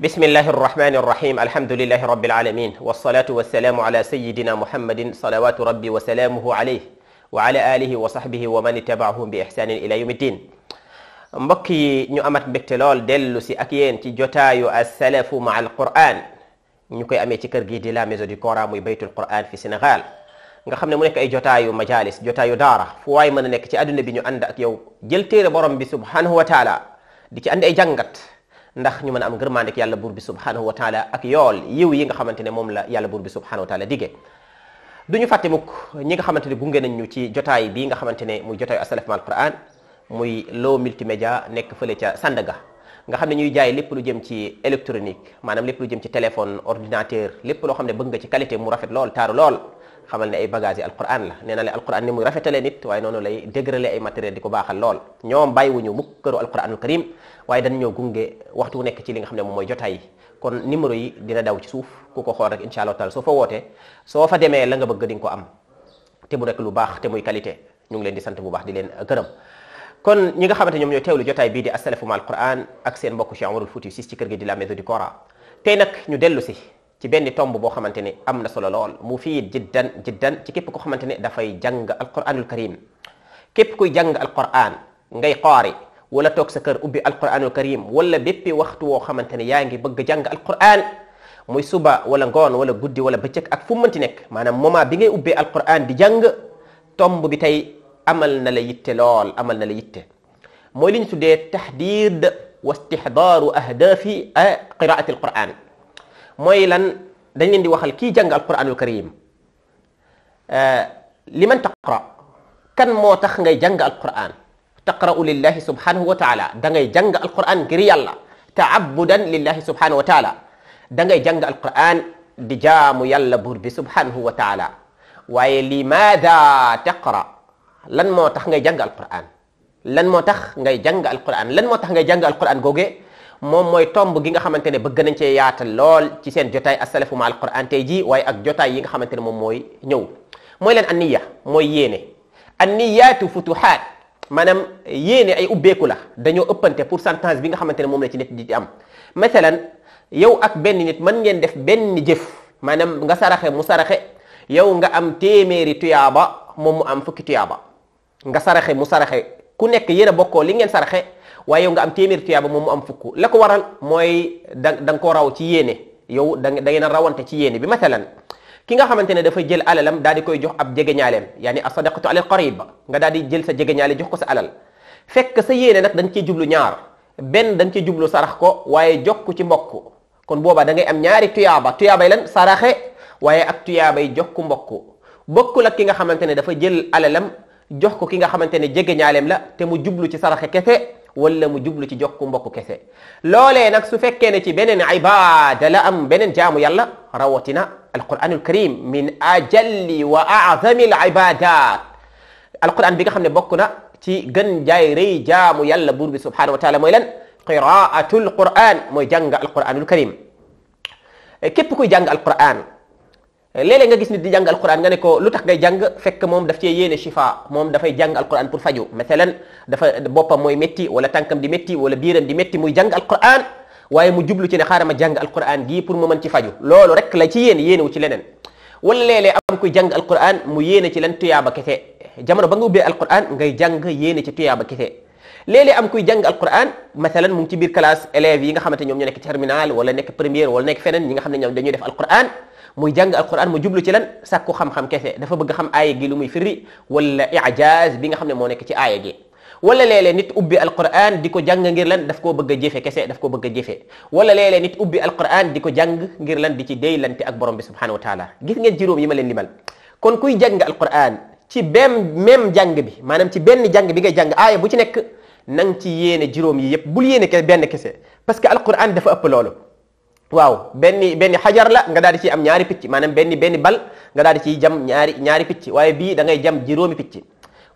بسم الله الرحمن الرحيم الحمد لله رب العالمين والصلاة والسلام على سيدنا محمد صلوات ربي وسلامه عليه وعلى آله وصحبه ومن تبعهم بإحسان إلى يوم الدين مبكي نيو أمت مكتلول دلو سي أكيين تي السلف مع القرآن نيو كي أمي تكر جيدي لا ميزو دي كورا مي بيت القرآن في سنغال nga xamne mu nek ay jotaayu majalis jotaayu daara fu way meuna nek ci aduna bi ñu and ak yow jël téré borom bi subhanahu wa ta'ala di ci and ay jangat ndax ñu mën a am ngërmandik yàlla buur bi subhanahu wa taala ak yool yiw yi nga xamante ne moom la yàlla buur bi subhanahu wa taala diggee du ñu fàtte mukk ñi nga xamante ne gunge nañ ñu ci jotaay bii nga xamante ne muy jotaayu As-Salafou Mahal muy loo multimédia nekk fële ca Sandaga nga xam ne ñuy jaay lépp lu jëm ci électronique maanaam lépp lu jëm ci téléphone ordinateur lépp loo xam ne bëgg nga ci qualité mu rafet lool taaru lool xamal ne ay bagage yi alquran la neena le la alquran ni muy rafetale nit waaye nonu lay dégrale ay matériel di ko baaxal lool ñoom bàyyiwuñu mukk këru alquranul karim waaye dañ ñoo gunge waxtu nekk ci li nga xamne mom moy jotay kon numéro yi dina daw ci suuf ku ko xool rek inshallah taala so fa wote so fa deme la nga bëgg diñ ko am te mu rek lu bax te muy qualité ñu ngi leen di sant bu bax di leen gëreem kon ñi nga xamante ñom ñoy tewlu jotay bi di as-salafu mal quran ak seen mbokk Cheikh Omarul Fouti Ciss ci kër gi di la maison du Coran tey nak ñu dellu ci ci benn tomb boo xamante ne am na solo lool mufiid jiddan jiddan ci képp ko xamante ne dafay jàng alquranul karim képp kuy jàng alquran ngay qaari wala toog sa kër ubbi alquranul karim wala bépp waxtu woo xamante ne yaa ngi bëgg jàng alquran muy suba wala ngoon wala guddi wala bëccëg ak fu mënti nekk maanaam moment bi ngay ubbee alquran di jàng tomb bi tey amal na la yitte lool amal na la yitte mooy li ñu tuddee tahdid wa istihdaaru ahdaafi qiraati alquran moy lan dañ leen di waxal ki jàng alquranul karim euh liman taqra kan mo tax ngay jàng alquran taqra lillahi subhanahu wa taala da ngay jàng alquran gir yàlla ta'abbudan lillahi subhanahu wa taala da ngay jàng alquran di jaamu yàlla bur bi subhanahu wa taala waye limaada taqra lan mo tax ngay jàng alquran lan mo tax ngay jàng alquran lan mo tax ngay jàng alquran googe mom moy tomb gi nga xamantene ne bëgg nañ ci yaatal lool ci seen as-salafu ma al-qur'an tay ji way ak jotay yi nga xamantene mom moy ñëw moy len anniya moy yene anniyatu futuhat manam yene ay ubbeeku la dañoo ëppante pourcentage bi nga xamantene mom la ci nit di am masalan yow ak ben nit man ngeen def ben jëf manam nga saraxe mu saraxe yow nga am téméri tuyaaba mom mu am fukki tuyaaba nga saraxe mu saraxe ku nekk yene bokko li ngeen saraxe waaye yow nga am téeméer tuyaaba moom mu am fukk la ko waral mooy da da koo raw ci yéene yow da da ngeen rawante ci yéene bi matalan ki nga xamante ne dafay jël alalam daal di koy jox ab jegeñaaleem yaani as-sadaqatu alal qarib nga daal di jël sa jegeñaale jox ko sa alal fekk sa yéene nag dañ cee jublu ñaar benn dañ cee jublu sarax ko waaye jox ko ci mbokk kon boobaa da am ñaari tuyaaba tuyaabay lan saraxe waaye ak tuyaabay jox ko mbokk bokkul ki nga xamante ne dafa jël alalam jox ko ki nga xamante ne jegeñaaleem la te mu jublu ci saraxe kefe wala mu jublu ci jokku mbokk kese lolé nak su fekké ci benen ibad la am القران الكريم من اجل واعظم العبادات القران بيغا خامني بوكنا تي گن جاي ري جامو يالا بور بي سبحانه وتعالى موي قراءه القران موي القران الكريم كيف كوي جانغ القران léeg-léeg nga gis nit di jàng alquran nga ne ko lu tax ngay jàng fekk moom daf cee yéene shifa moom dafay jàng alquran pour faju mathalan dafa boppam mooy métti wala tànkam di métti wala biiram di métti muy jàng alquran waaye mu jublu ci ne xaaral ma jàng alquran gii pour mu mën ci faju loolu rek la ci yéen yéene wu leneen wala léeg-léeg am kuy jàng alquran mu yéene ci lan tuyaaba kese jamono ba nga ubbee alquran ngay jàng yéene ci tuyaaba kese léeg-léeg am kuy jàng alquran mathalan mu ngi ci biir classe élèves yi nga xamante ñoom ñu nekk terminal wala nekk première wala nekk feneen ñi nga xam ne ñoom dañuy def alquran muy jàng alquran mu jublu ci lan sàkku xam-xam kese dafa bëgg xam aaya gi lu muy firi wala ijaaz bi nga xam ne moo nekk ci aaya gi wala léeg-léeg nit ubbi alquran di ko jàng ngir lan daf koo bëgg a jëfe kese daf koo bëgg a jëfe wala léeg-léeg nit ubbi di ko jàng ngir lan di ci déylante ak borom bi subhanahu wa taala gis ngeen juróom yi ma leen limal kon kuy jàng alquran ci benn même jàng bi maanaam ci benn jàng bi ngay jàng aaya bu ci nekk na ci yéene juróom yi yëpp bul yéene benn kese parce que alquran dafa ëpp loolu waaw benn benn xajar la nga di ciy am ñaari picc maanaam benn benn bal nga daal di ciy jam ñaari ñaari picc waaye bii dangay jam juróomi picc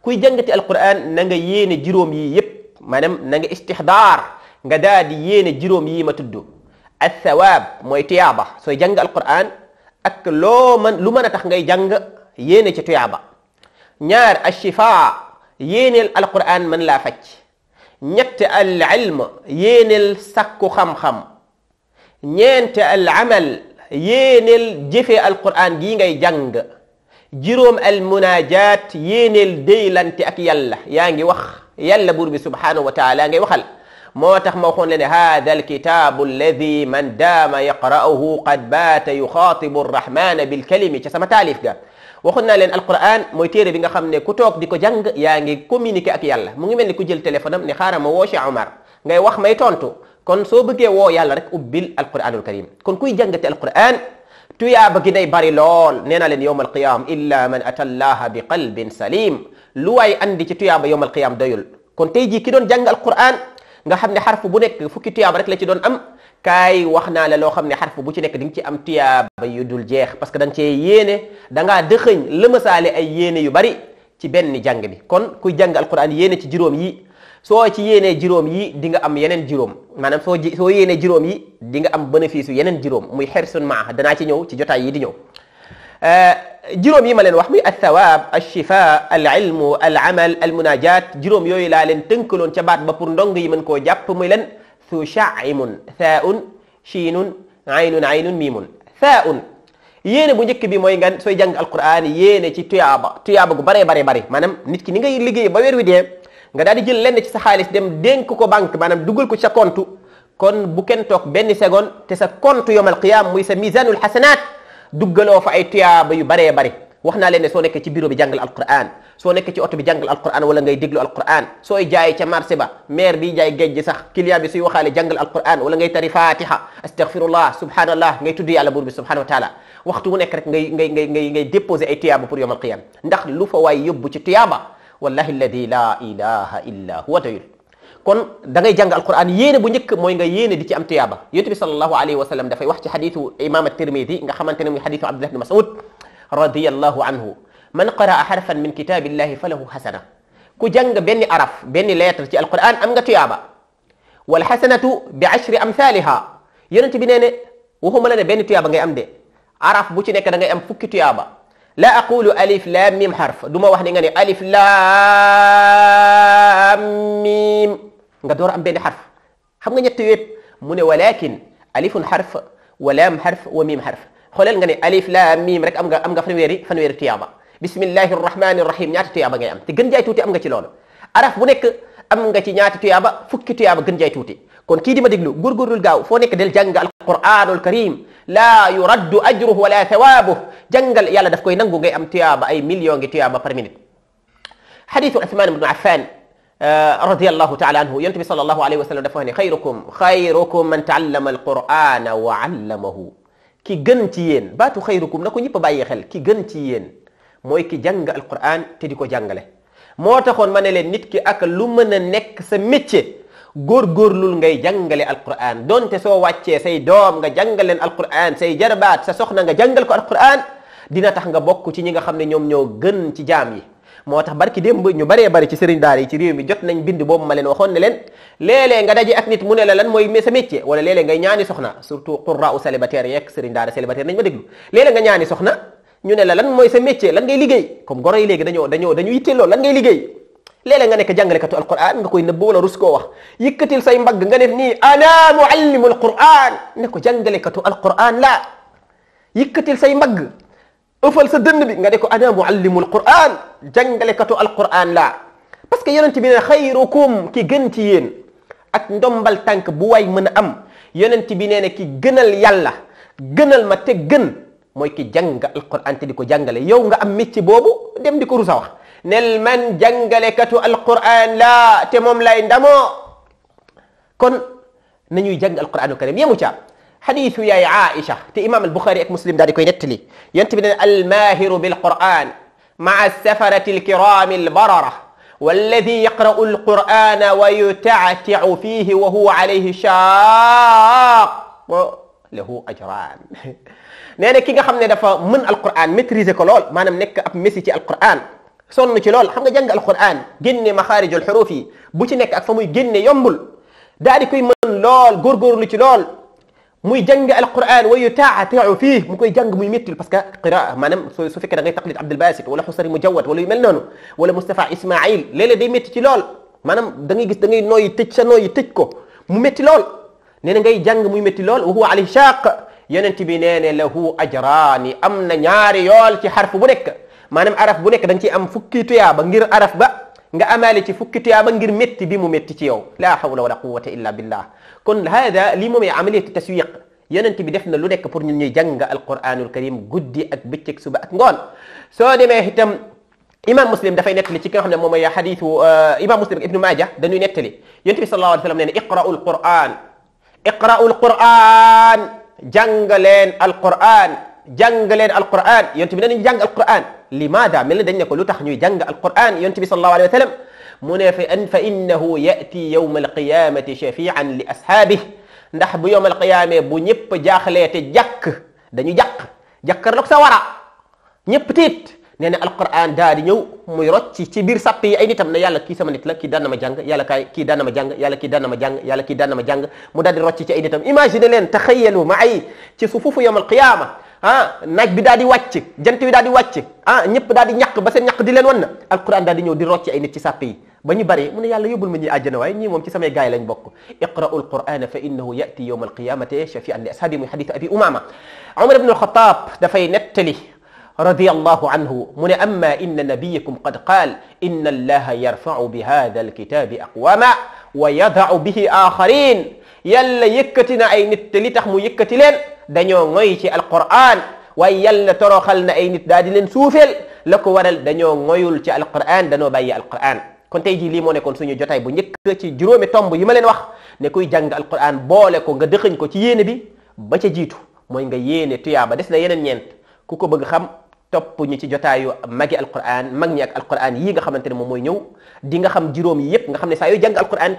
kuy jàngati alquran na nga yéene juróom yii yépp maanaam nanga nga istixdaar nga daal di yéene juróom yii ma tudd athawaab mooy tuyaaba sooy jàng alquran ak loo man lu mën a tax ngay jàng yéene ci tuyaaba ñaar ashifa yéeneel alquran mën laa faj ñett al ilm yéeneel sakku xam-xam ñeent al amal yéeneel jëfe alquran gii ngay jàng juróom al munaajaat yéeneel déylante ak yàlla yaa ngi wax yàlla buur bi subhanahu wa taala ngay waxal moo tax ma waxoon leen hada alkitaabu alladi man daama yaqra'uhu qad baata yuxaatibu arrahmana bilkalimi ca sama taalif ga waxoon naa leen alquran mooy téere bi nga xam ne ku toog di ko jàng yaa ngi communiquer ak yàlla mu ngi mel ni ku jël téléphone am ne xaaral ma woo Cheikh Omar ngay wax may tontu kon soo bëggee woo yàlla rek ubbil alquranul karim kon kuy jàngate tu tuyaaba gi day bari lool nee na leen yowm alqiyam illa man ata allaha bi qalbin salim lu waay andi ci tuyaaba yowm alqiyam doyul kon tey jii ki doon jàng alquran nga xam ne xarfu bu nekk fukki tuyaaba rek la ci doon am kaay wax naa la loo xam ne xarfu bu ci nekk di nga ci am tuyaaba yu dul jeex parce que da nga cee yéene da ngaa dëxëñ lëmasaale ay yéene yu bari ci benn jàng bi kon kuy jàng alquran ci juróom yi soo ci yéenee juróom yi di nga am yeneen juróom maanaam soo ji soo yéenee juróom yi di nga am bénéfice yu yeneen juróom muy xersun maa danaa ci ñëw ci jotaay yi di ñëw juróom yi ma leen wax muy althawaab alchifa al ilmu al amal al munajat juróom yooyu laa leen tënkaloon ca baat ba pour ndong yi mën koo jàpp muy leen su shaimun thaun shinun aynun aynun mimun thaun yéene bu njëkk bi mooy nga sooy jàng alquran yéene ci tuyaaba tuyaaba gu bare bare bare maanaam nit ki ni ngay liggéey ba wér wi dee nga daal di jël lenn ci sa xaalis dem dénk ko banque maanaam dugal ko ci sa compte kon bu kenn toog benn seconde te sa compte yomal qiyam muy sa misanul hasanat duggaloo fa ay tuyaaba yu bare bare wax naa leen ne soo nekkee ci bureau bi jàngal alquran soo nekkee ci oto bi jàngal alquran wala ngay déglu alquran sooy jaay ca marché ba maire bi jaay géej sax client bi suy waxaale jàngal alquran wala ngay tari fatiha astaghfirullah subhanallah ngay tudd yàlla buur bi subhanahu wa taala waxtu wu nekk rek ngay ngay ngay ngay déposer ay tuyaaba pour yomal qiyam ndax lu fa waay yóbbu ci tuyaaba wallahi alladi la ilaha illa huwa tayul kon da ngay jàng alquran yéene bu njëkk mooy nga yéene di ci am tuyaaba yonent bi sallallahu alayhi wa sallam dafay wax ci xadisu imam at-tirmidi nga xamante ne muy xadisu abdullah ibn mas'ud radiyallahu anhu man qaraa harfan min kitabillahi falahu hasana ku jàng benn araf benn lettre ci alquran am nga tuyaaba wal hasanatu bi ashri amthaliha yonent bi nee ne waxuma la ne benn tuyaaba ngay am de araf bu ci nekk da ngay am fukki tuyaaba لا أقول ألف لام ميم حرف دوما واحد نغني ألف لام ميم نغا أم بين حرف هم نغني تويب من ولكن ألف حرف ولام حرف وميم حرف خلال نغني ألف لام ميم رك أمغا أمغا فنويري فنويري تيابا بسم الله الرحمن الرحيم نعت تيابا نغي أم تغن جاي توتي أمغا تلون أرف بنك أمغا تي نعت تيابا فك تيابا غن جاي توتي كون كي ديما ديغلو غور غاو فو نيك ديل جانغ القران الكريم لا يرد اجره ولا ثوابه جانغال يالا داف كوي نانغو غي ام تياب اي مليون تياب بار مينيت حديث عثمان بن عفان رضي الله تعالى عنه ينتبي صلى الله عليه وسلم دافو خيركم خيركم من تعلم القران وعلمه كي گنتي يين باتو خيركم نكو نيب باي خيل كي گنتي يين موي كي جانغ القران تي ديكو جانغالي مو تاخون مانيلين نيت كي اك لو مانا نيك سا ميتيه góorgóorlul ngay jàngale alquran donte soo wàccee say doom nga jàngal leen alquran say jarbaat sa soxna nga jangal ko alquran dina tax nga bokk ci ñi nga xam ne ñoom ñoo gën ci jaam yi moo tax barki démb ñu baree bari ci sëriñ daara ci réew mi jot nañ bind boobu ma leen waxoon ne leen léeg nga daje ak nit mu ne la lan mooy sa métier wala léeg-léeg ngay ñaani soxna surtout qurra'u célibataire yeeg sëriñ daara célibataire nañ ma déglu léeg-léeg nga ñaani soxna ñu ne la lan mooy sa métier lan ngay liggéey comme goro yi léegi dañoo dañu yitte lool lan ngay liggéey léeg-léeg nga nekk jàngalekatu alquran nga koy nëbb wala rus koo wax yëkkatil say mbagg nga def nii ana muallimu alquran ne ko jàngalekatu alquran laa yëkkatil say mbagg ëffal sa dënn bi nga ne ko ana muallimu alquran jàngalekatu alquran laa parce que yonent bi ne xayrukum ki gën ci yéen ak ndombal tànk bu waay mën a am yonent bi nee ne ki gënal yàlla gënal ma te gën mooy ki jàng alquran te di ko jàngale yow nga am métier boobu dem di ko rusa wax nel man jàngalekatu alquran la لا moom lay ndamoo kon nañuy jàng alquranu karim yemu ca حديث يا عائشة إمام البخاري أك مسلم داري كوينت لي ينتبه الماهر بالقرآن مع السفرة الكرام البررة والذي يقرأ القرآن ويتعتع فيه وهو عليه شاق له أجران نانا كيغا خمنا دفا من القرآن متريزي كولول ما نمنك أب مسيتي القرآن sonn ci lool xam nga jàng alquran génne maxaariju alxuruf yi bu ci nekk ak fa muy génne yombul daal di koy mën lool góorgóorlu ci lool muy jàng alquran wa yutaatiu fii mu koy jàng muy méttil parce que qiraa maanaam su su fekkee da ngay taqlid abdulbasit wala xusari mujawat wala yu mel noonu wala mustafa ismail léeg-léeg day métti ci lool maanaam da ngay gis da ngay nooyi tëj sa nooyi tëj ko mu métti lool nee na ngay jàng muy métti lool wa huwa alayhi shaq yonent bi nee ne lahu ajraani am na ñaari yool ci xarf bu nekk manam araf bu nek dang ci am fukki ba ngir araf ba nga amale ci fukki ba ngir métti bi mu métti ci yow la hawla wala quwwata illa billah kon hada li mom lii amale ci taswiq yonent bi def na lu nek pour ñun ñuy jàng alquranul karim guddi ak bëccëg suba ak ngoon so deme itam imam muslim da fay netti ci nga xamne mom moom hadith imam muslim ibnu maaja dañuy netti yonent bi sallallahu alayhi wasallam sallam iqra'ul qur'an iqra'ul qur'an jangaleen alquran jàng alquran jangaleen alquran yonent bi nañu jàng alquran limada melni dañ ne ko lutax ñuy jàng alquran yonent bi sallallahu alayhi wa sallam fa an fa innahu yati yawm alqiyamati shafian li ashabihi ndax bu yawm alqiyamee bu ñëpp jaxlé te jak dañu jàq jàkkarloog sa wara ñëpp tit neena alquran da di ñëw muy rocc ci bir sappi ay nitam na yàlla ki sama nit la ki daan na ma jàng yàlla kay ki daan ma jàng yàlla ki daan ma jàng yàlla ki daan ma jàng mu dal di rocc ci ay nitam imagine len takhayyalu ma'i ci sufufu yawm alqiyamah ah naaj bi daal di wàcc jant bi daal di wàcc ah ñëpp daal di ñàkk ba seen ñàkk di leen wan na alquran daal di ñëw di rocci ay nit ci sàppe yi ba ñu bari mu ne yàlla yóbbul ma ñuy àjjana waaye ñii moom ci samay gaay lañ bokk iqra'u alqur'ana fa innahu ya'ti yawma alqiyamati shafi'an li ashabi muy hadith abi umama umar ibn alxataab dafay nettali رضي الله عنه من أما إن نبيكم قد قال إن الله يرفع بهذا الكتاب أقواما ويضع به آخرين يلا يكتنا أي نتلي تخمو يكتلين dañoo ngoy ci alquran waaye yàlla toroxal na ay nit daal di leen suufeel la ko waral dañoo ngoyul ci alquran dañoo bàyyi alquran kon tey jii lii moo nekkoon suñu jotaay bu njëkk ci juróomi tomb yi ma leen wax ne kuy jàng alquran boole ko nga dëxëñ ko ci yéene bi ba ci jiitu mooy nga yéene tuyaaba des na yeneen ñeent ku ko bëgg xam topp ñi ci jotaayu magi alquran mag ñi ak alquran yii nga xamante ne moom mooy ñëw di nga xam juróom yi yëpp nga xam ne saa yoo jàng alquran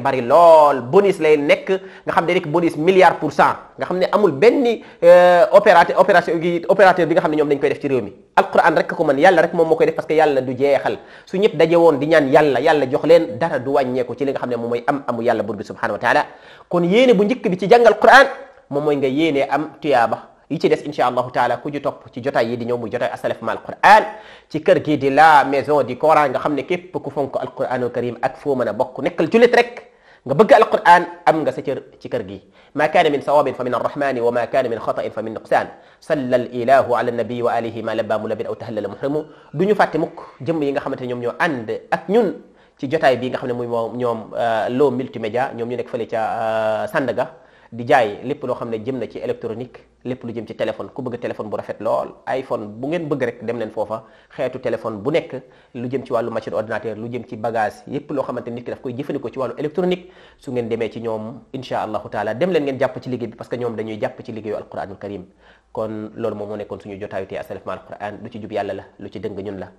bari lool bonus lay nekk nga xam ne rek bonus milliard pour cent nga xam ne amul benn euh, opérateur opération gi opérateur bi nga xam ne ñoom dañ koy def ci réew mi alquran rek ko mën yàlla rek moom moo koy def parce que yàlla du jeexal ñaan yàlla yàlla jox leen dara du wàññeeku ci li nga xam ne moom mooy am amu yàlla bur bi subhanahu wa taala kon yéene bu njëkk bi ci jàng alquran moom mooy nga yéenee am tuyaaba yi ci des incha allahu taala ku ji topp ci jotaay yi di ñëw muy jotaay asalaf mal qur'an ci kër gi di la maison di coran nga xam ne képp ku fonk al karim ak foo mën a bokk nekkal jullit rek nga bëgg qur'an am nga sa ci kër gi ma kaana min sawabin fa min arrahmani wa ma kaana min xatain fa min nuqsaan salla al ilahu ala nabi wa alihi ma labba mulabin aw tahallala muhrimu du ñu fàtte mukk jëmm yi nga xamante ne ñoom ñoo ànd ak ñun ci jotaay bi nga xam muy moom ñoom multimédia ñoom ñu nekk fële ca Sandaga di jaay lépp loo xam ne jëm na ci électronique lépp lu jëm ci téléphone ku bëgg téléphone bu rafet lool iPhone bu ngeen bëgg rek dem leen foofa xeetu téléphone bu nekk lu jëm ci wàllu machine ordinateur lu jëm ci bagage yépp loo xamante nit ki daf koy jëfandikoo ci wàllu électronique su ngeen demee ci ñoom insha allahu taala dem leen ngeen jàpp ci liggéey bi parce que ñoom dañuy jàpp ci liggéeyu alquranul karim kon loolu moom moo nekkoon suñu jotaayu tey As-Salafou Mahal Qur'an lu ci jub yàlla la lu ci dëng ñun la